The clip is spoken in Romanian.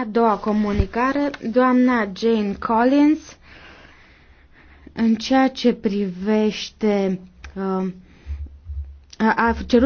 A doua comunicare, doamna Jane Collins, în ceea ce privește uh, a cerut